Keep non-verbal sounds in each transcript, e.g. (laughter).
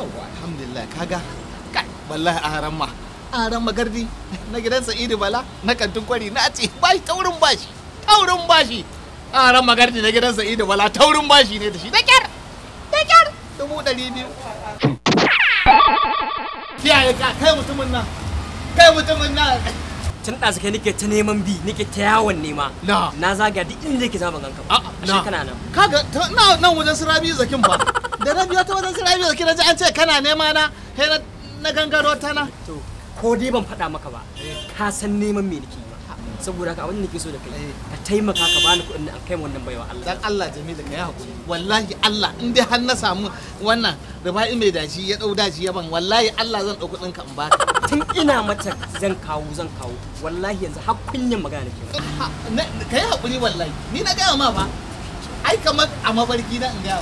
yawwa alhamdulillah kaga kai wallahi a haran ma a haran magardi na gidan sa'idu bala na kantin kwari na ce ba shi taurin bashi taurin bashi a haran magardi na gidan sa'idu bala taurin bashi ne da shi da kyar da kyar dubu ɗari biyu kiyaye ka kai mutumin nan kai mutumin nan tun da kai nike ta neman bi nike ta yawon nema na zagaya duk inda yake zama ganka ba a shekara nan kaga na nan wajen sirabi zakin ba da na biyo ta wajen sai rabiu kina ji an ce kana nema na sai na gangaro ta na to ko dai ban faɗa maka ba ka san neman me nake ba saboda ka abin da nake so da kai eh. ka taimaka ka bani kuɗin da an kai wannan baiwa Allah dan Allah jami da kai hakuri wallahi Allah in dai har na samu wannan rubai mai daji ya dau daji ya ban wallahi Allah zan dauki kuɗin ka in baka tun ina mata zan kawo zan kawo wallahi yanzu har kunyan magana nake kai hakuri wallahi ni na ga ma ba ai kamar a mabarki na in gaya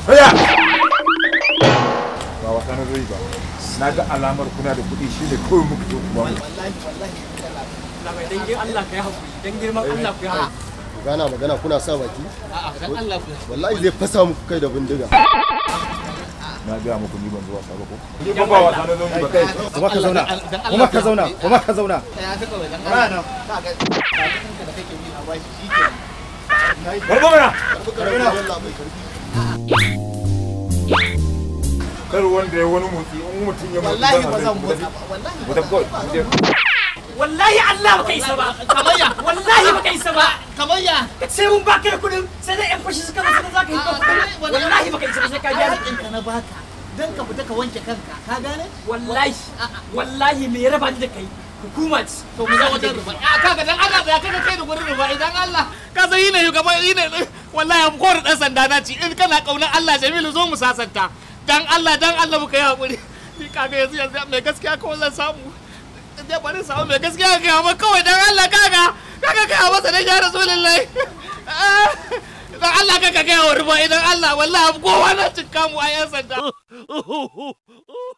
ba wata na zai ba na ga alamar kuna da kuɗi shi ne kawai muka zo kuma wallahi wallahi dan girman Allah ka yi hakuri dan girman Allah ku yi hakuri gana magana kuna sa baki a'a dan Allah ku wallahi zai fasa muku kai da bindiga na ga muku ni ban zuwa sabo ni ba ba wasa zo ni ba kai kuma ka zauna kuma ka zauna kuma ka zauna ya saka wai dan Allah ka ga da kake yi a bashi shike Karbi mana! Karbi mana! kar wanda ya wani motsi in mutum ya motsi wallahi ba zan motsa wallahi wallahi Allah baka isa ba kamayya wallahi baka isa ba kamayya sai mun ba kai kudin sai da yan fashi suka za ka yi kudin wallahi baka isa ba sai ka biya hakkin ka na baka dan ka fita ka wanke kanka ka gane wallahi wallahi me ya raba ni da kai hukuma ce to mu zama da rufa a kaga dan Allah ya ka kai da gurin rufa idan Allah ka san yi ne shugaba yi ne wallahi ko da dan sanda na ci in kana kaunar Allah Jamilu zo mu sasanta dan Allah dan Allah muka yi hakuri ni kaga yanzu yanzu mai gaskiya ko zan samu ba bari samu mai gaskiya ga amma kawai dan Allah kaga kaga kai masa da ya rasulullahi ah, dan Allah kaga ga wa ruba idan Allah wallahi ko na cikamu kamu a sanda (laughs)